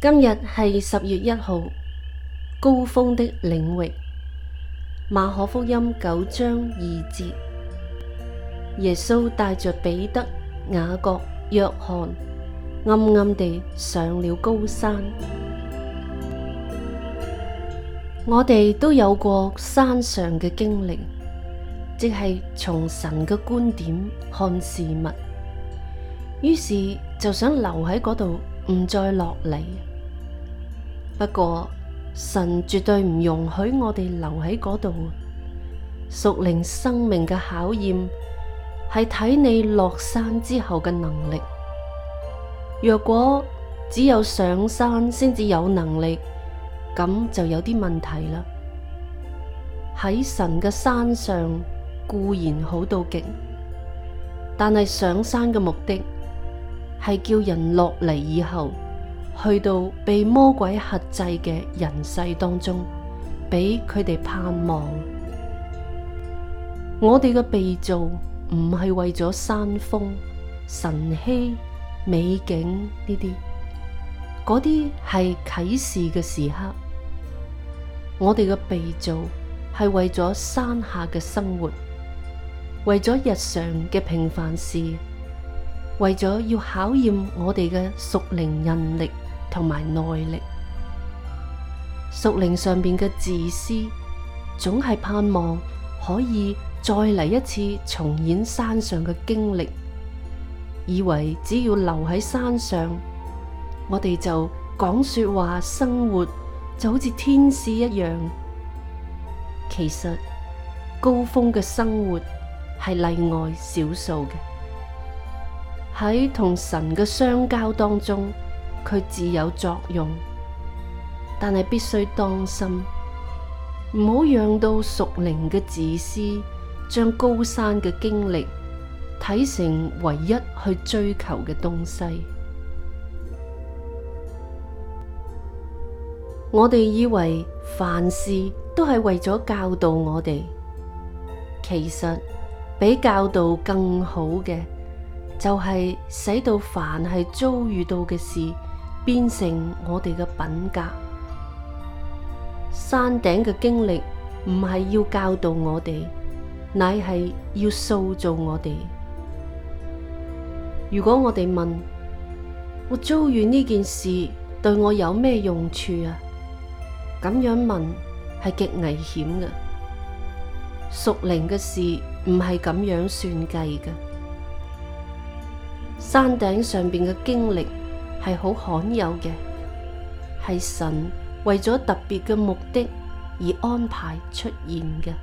今日係十月一號，高峰的領域，馬可福音九章二節，耶穌帶着彼得、雅各、約翰，暗暗地上了高山。我哋都有過山上嘅經歷，即係從神嘅觀點看事物，於是就想留喺嗰度，唔再落嚟。不過神絕對唔容許我哋留喺嗰度，屬靈生命嘅考驗係睇你落山之後嘅能力。若果只有上山先至有能力，咁就有啲問題啦。喺神嘅山上固然好到極，但係上山嘅目的係叫人落嚟以後。去到被魔鬼轄制嘅人世當中，俾佢哋盼望。我哋嘅被造唔係為咗山峰、晨曦、美景呢啲，嗰啲係啟示嘅時刻。我哋嘅被造係為咗山下嘅生活，為咗日常嘅平凡事，為咗要考驗我哋嘅屬靈印力。同埋耐力，屬靈上邊嘅自私，總係盼望可以再嚟一次重演山上嘅經歷，以為只要留喺山上，我哋就講說話、生活就好似天使一樣。其實高峰嘅生活係例外少數嘅，喺同神嘅相交當中。佢自有作用，但係必須當心，唔好讓到屬靈嘅自私，將高山嘅經歷睇成唯一去追求嘅東西。 我哋以為凡事都係為咗教導我哋，其實比教導更好嘅，就係、是、使到凡係遭遇到嘅事，變成我哋嘅品格。山頂嘅經歷唔係要教導我哋，乃係要塑造我哋。如果我哋問我遭遇呢件事對我有咩用處啊？咁樣問係極危險嘅。屬靈嘅事唔係咁樣算計嘅。山頂上邊嘅經歷。係好罕有嘅，係神為咗特別嘅目的而安排出現嘅。